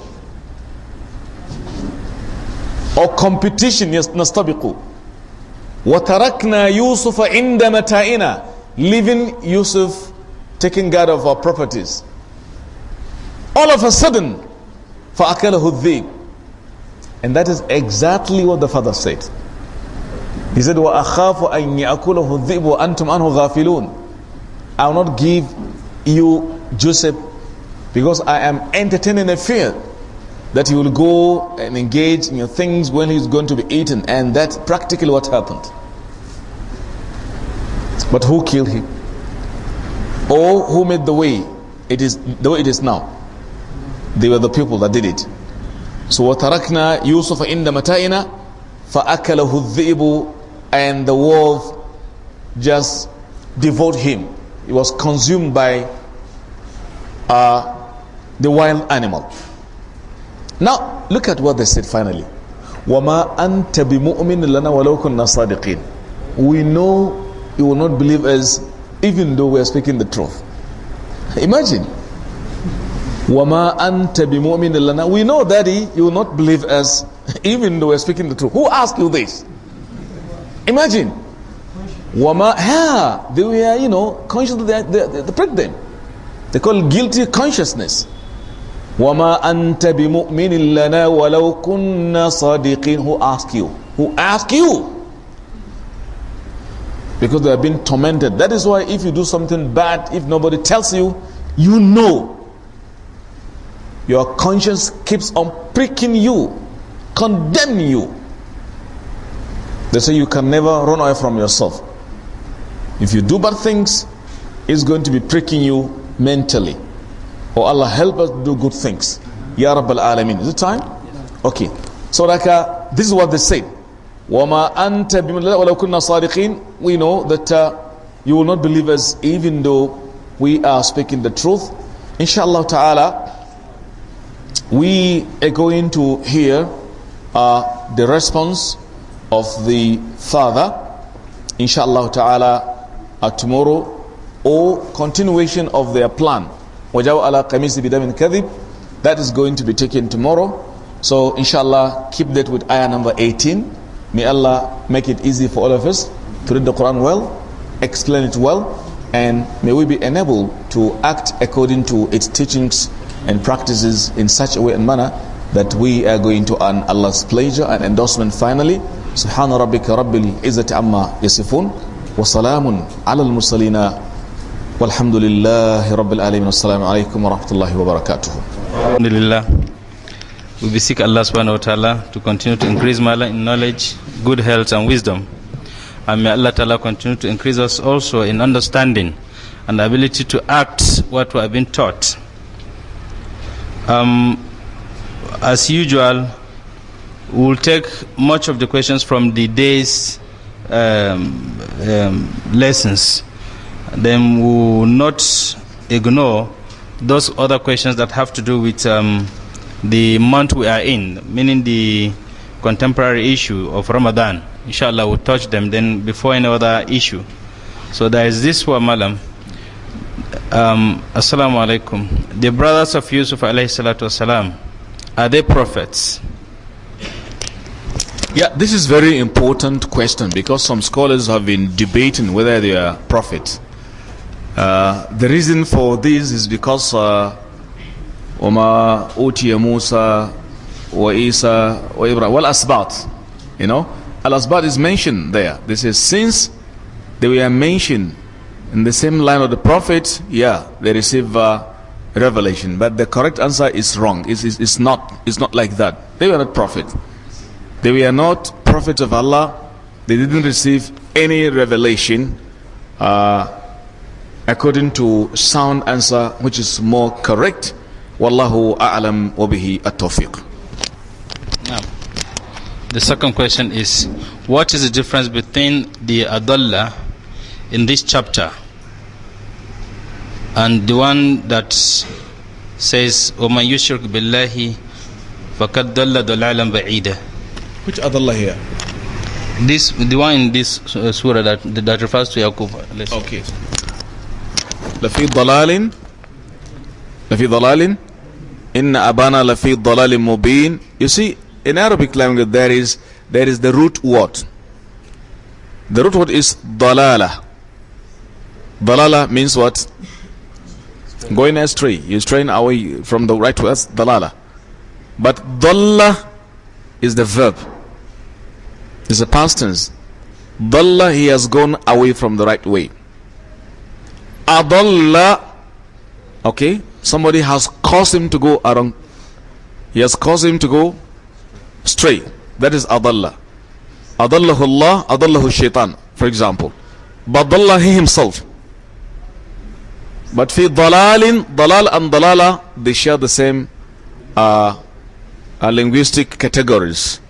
or competition نستبق. وتركنا يوسف عند متائنا. Leaving Yusuf taking care of our properties all of a sudden, فَأَكَلَهُ الذِّئْبُ And that is exactly what the father said. He said, I will not give you Joseph because I am entertaining a fear that he will go and engage in your things when he's going to be eaten. And that's practically what happened. But who killed him? Or who made the way? It is the way it is now. They were the people that did it. So وَتَرَكْنَا يُوسُفَ إِنَّ مَتَائِنَا فَأَكَلَهُ الذِّئِبُ And the wolf just devoured him. It was consumed by uh, the wild animal. Now, look at what they said finally. وَمَا أَنْتَ بِمُؤْمِنٍ لَنَا وَلَوْ كُنَّا صَادِقِينَ We know you will not believe us even though we are speaking the truth. Imagine. Wama anta bimu'min lana. We know, Daddy, you will not believe us, <laughs> even though we're speaking the truth. Who asked you this? Imagine. Wama, ha, they were, you know, conscious they, they, they, they pricked them. They call guilty consciousness. Wama أنت بمؤمن لنا kunna sadiqin. who ask you who ask you because they have been tormented that is why if you do something bad if nobody tells you you know your conscience keeps on pricking you, condemning you. They say you can never run away from yourself. If you do bad things, it's going to be pricking you mentally. Oh Allah, help us do good things. Ya Rabbal Alameen. Is it time? Okay. So like, uh, this is what they said. وَمَا أَنْتَ صَادِقِينَ We know that uh, you will not believe us even though we are speaking the truth. Inshallah ta'ala, we are going to hear uh, the response of the father inshallah ta'ala uh, tomorrow or continuation of their plan that is going to be taken tomorrow so inshallah keep that with ayah number 18 may allah make it easy for all of us to read the quran well explain it well and may we be enabled to act according to its teachings and practices in such a way and manner that we are going to earn Allah's pleasure and endorsement finally. Subhana rabbika rabbil wa salamun ala al-mursalina walhamdulillahi rabbil alamin assalamu alaikum wa rahmatullahi wa barakatuh. Alhamdulillah. We beseech Allah subhanahu wa ta'ala to continue to increase Mala in knowledge, good health and wisdom. And may Allah ta'ala continue to increase us also in understanding and ability to act what we have been taught. Um, as usual, we'll take much of the questions from the day's um, um, lessons. Then we'll not ignore those other questions that have to do with um, the month we are in, meaning the contemporary issue of Ramadan. Inshallah, we'll touch them then before any other issue. So there is this one, Malam. Um, Assalamu alaikum. The brothers of Yusuf alayhi salatu wasalam, are they prophets? Yeah, this is very important question because some scholars have been debating whether they are prophets. Uh, the reason for this is because uh, Wa Isa, Wa Ibrahim. Well, Asbat, you know Al-Asbat is mentioned there this is since they were mentioned in the same line of the Prophet, yeah, they receive uh, revelation. But the correct answer is wrong. It's, it's, it's, not, it's not like that. They were not prophets. They were not prophets of Allah. They didn't receive any revelation uh, according to sound answer, which is more correct. Wallahu a'lam wa bihi at-tawfiq. Now, the second question is, what is the difference between the Adalla in this chapter and the one that says وَمَنْ يُشْرِكْ بِاللَّهِ فَقَدْ دَلَّ دَلَالًا بَعِيدًا Which other Allah here? This, the one in this uh, surah that, that refers to Yaqub. Let's okay. لَفِي ضَلَالٍ لَفِي ضَلَالٍ إِنَّ أَبَانَا لَفِي ضَلَالٍ مُبِينٍ You see, in Arabic language there is, there is the root word. The root word is dalala. Dalala means what? going astray, you strain away from the right way, dalala. But dalla is the verb, it's a past tense. Dalla, he has gone away from the right way. Adalla, okay, somebody has caused him to go around. He has caused him to go stray. That is adalla. Adallahu Allah, adallahu shaitan, for example. But Allah, he himself. But fi dalalin, dalal and dalala, they share the same uh, uh, linguistic categories.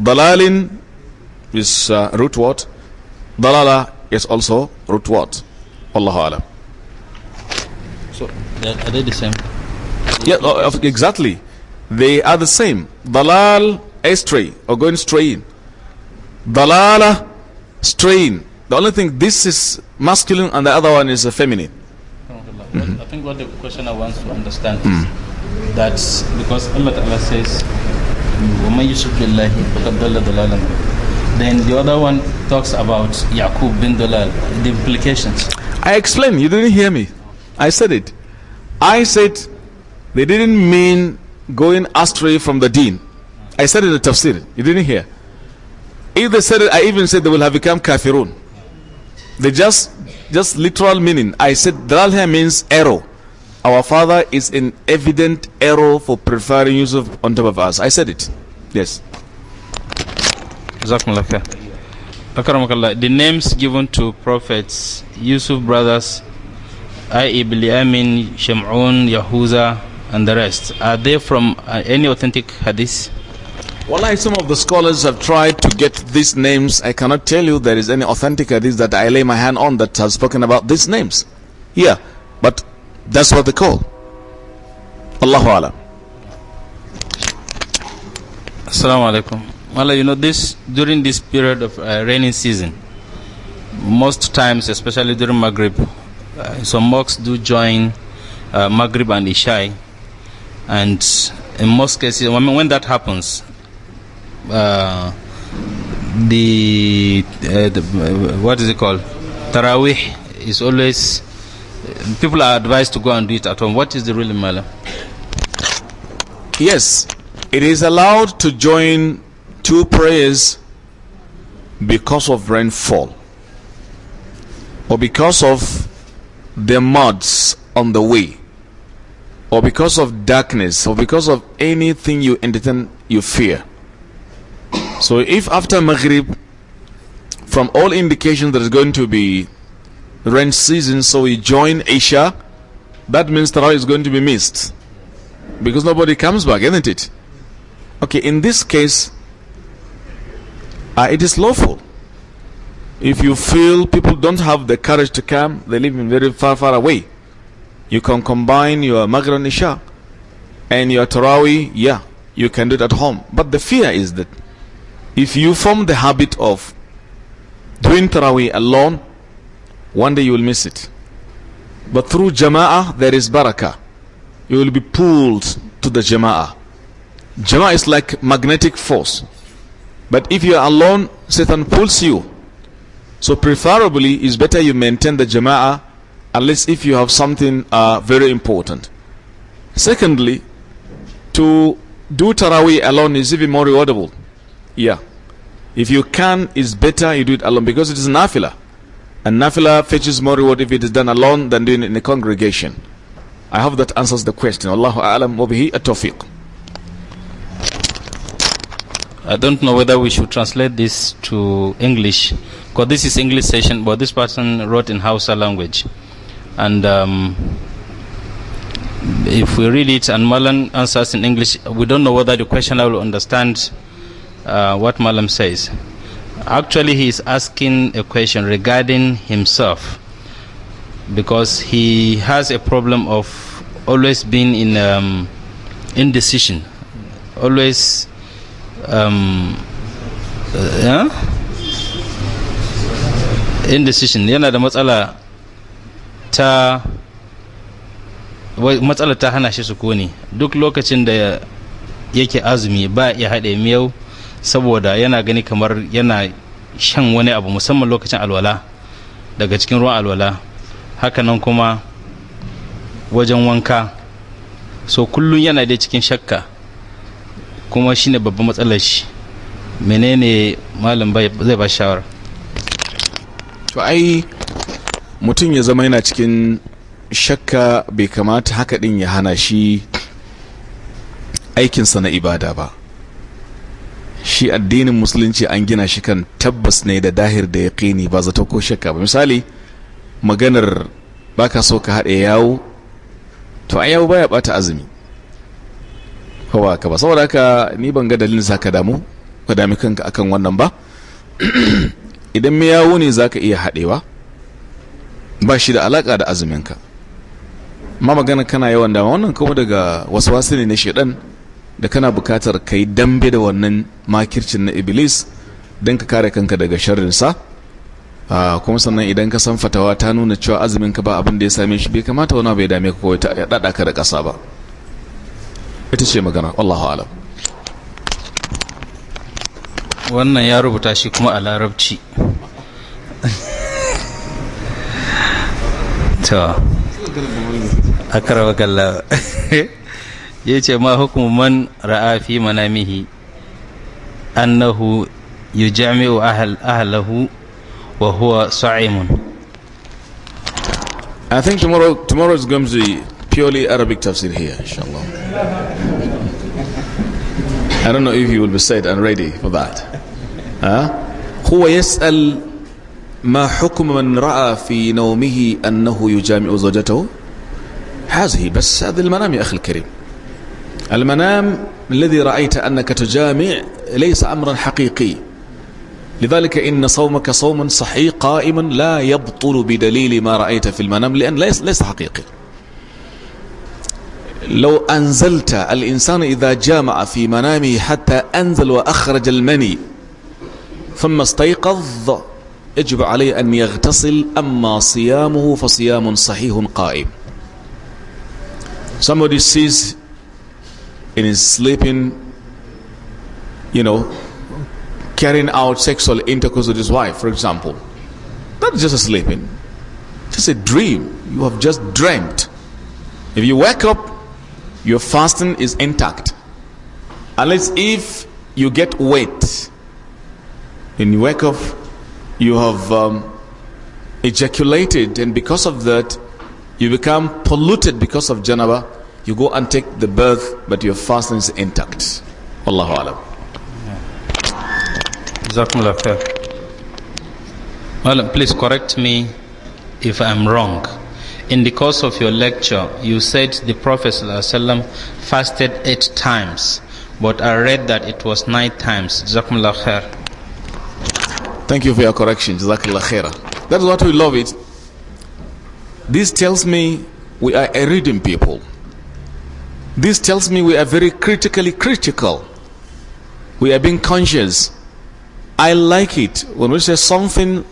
Dalalin is uh, root word. Dalala is also root word. Allahu Alam. So, are they the same? Yeah, uh, exactly. They are the same. Dalal, astray, or going straying. Dalala, strain. The only thing, this is masculine and the other one is feminine. What, mm-hmm. I think what the questioner wants to understand is mm. that because Allah Ta'ala says, وَمَنْ يُشْرِكْ بِاللَّهِ فَقَدْ ضَلَّ ضَلَالًا Then the other one talks about Yaqub bin Dalal, the implications. I explained, you didn't hear me. I said it. I said they didn't mean going astray from the deen. I said it in the tafsir. You didn't hear. If they said it, I even said they will have become kafirun. They just just literal meaning. I said "dalha" means arrow. Our father is an evident arrow for preferring Yusuf on top of us. I said it. Yes. The names given to prophets, Yusuf brothers, i.e. Bilyamin, Shem'un, Yahuza, and the rest, are they from uh, any authentic hadith? I, some of the scholars have tried to get these names. I cannot tell you there is any authentic hadith that I lay my hand on that has spoken about these names. Yeah, but that's what they call. Allahu Alam. Assalamu alaikum. Well, you know, this during this period of uh, rainy season, most times, especially during Maghrib, uh, some mosques do join uh, Maghrib and Isha, and in most cases, when that happens, uh, uh, the, uh, what is it called tarawih is always uh, people are advised to go and do it at home what is the ruling Mala? yes it is allowed to join two prayers because of rainfall or because of the muds on the way or because of darkness or because of anything you entertain you fear so if after Maghrib, from all indications there is going to be rain season, so we join Isha, that means Tarawih is going to be missed. Because nobody comes back, isn't it? Okay, in this case, uh, it is lawful. If you feel people don't have the courage to come, they live in very far, far away. You can combine your Maghrib and Isha and your Tarawih, yeah, you can do it at home. But the fear is that if you form the habit of doing Taraweeh alone, one day you will miss it. But through Jama'ah, there is barakah. You will be pulled to the Jama'ah. Jama'ah is like magnetic force. But if you are alone, Satan pulls you. So preferably, it's better you maintain the Jama'ah unless if you have something uh, very important. Secondly, to do Taraweeh alone is even more rewardable. Yeah. If you can, it's better you do it alone because it is afila. And nafila fetches more reward if it is done alone than doing it in a congregation. I hope that answers the question. Allahu a'lam wa I don't know whether we should translate this to English because this is English session, but this person wrote in Hausa language. And um, if we read it and Malan answers in English, we don't know whether the questioner will understand uh, what Malam says. Actually, he is asking a question regarding himself because he has a problem of always being in um, indecision, always. Um, uh, indecision yana da matsala ta matsala ta hana shi sukuni duk lokacin da yake azumi ba ya haɗe miyau saboda yana gani kamar yana shan wani abu musamman lokacin alwala daga cikin ruwan alwala hakanan kuma wajen wanka so kullum yana dai cikin shakka kuma shine babban matsalar shi menene malam zai ba shawar to ai mutum ya zama yana cikin shakka bai kamata haka din ya hana shi aikinsa na ibada ba shi addinin musulunci an gina shi kan tabbas ne da dahir da yaƙini ba zato ko shakka ba misali maganar baka so ka haɗe yawo to an yawo baya bata azumi kowa ka ba saboda haka ni ban ga dalilin za ka damu ka dami kanka akan wannan ba <clears throat> idan mai yawo ne za ka iya haɗewa ba shi da alaƙa da azuminka ma magana kana yawan dama wannan kuma daga wasu wasu ne na shaɗan da kana bukatar ka yi dambe da wannan makircin na iblis don ka kare kanka daga sharrinsa ah, kuma sannan idan ka san fatawa ta nuna cewa azumin ka ba abin da ya same shi bai kamata wani bai dame ka ko ya dada ka da ƙasa ba ita ce magana wallahu alam wannan ya rubuta shi kuma a larabci <laughs> to kallawa <laughs> ya ce ma hukumu man ra'a fi manamihi annahu yujami'u ahlahu wa huwa sa'imun I think tomorrow tomorrow is going to be purely Arabic tafsir here inshallah I don't know if you will be said and ready for that huh? هو يسأل ما حكم من رأى في نومه أنه يجامع زوجته هذه بس هذا المنام يا أخي الكريم المنام الذي رأيت أنك تجامع ليس أمرا حقيقي لذلك إن صومك صوم صحيح قائما لا يبطل بدليل ما رأيت في المنام لأن ليس, ليس حقيقي لو أنزلت الإنسان إذا جامع في منامه حتى أنزل وأخرج المني ثم استيقظ يجب عليه أن يغتسل أما صيامه فصيام صحيح قائم Somebody sees in his sleeping, you know, carrying out sexual intercourse with his wife, for example. Not just a sleeping, just a dream. You have just dreamt. If you wake up, your fasting is intact. Unless if you get wet, In you wake up, you have um, ejaculated, and because of that, you become polluted because of janaba you go and take the birth, but your fasting is intact. Allahu Alam. khair. Well, please correct me if I'm wrong. In the course of your lecture, you said the Prophet ﷺ fasted eight times, but I read that it was nine times. khair. Thank you for your correction. khair. That's what we love it. This tells me we are a reading people. This tells me we are very critically critical. We are being conscious. I like it. When we say something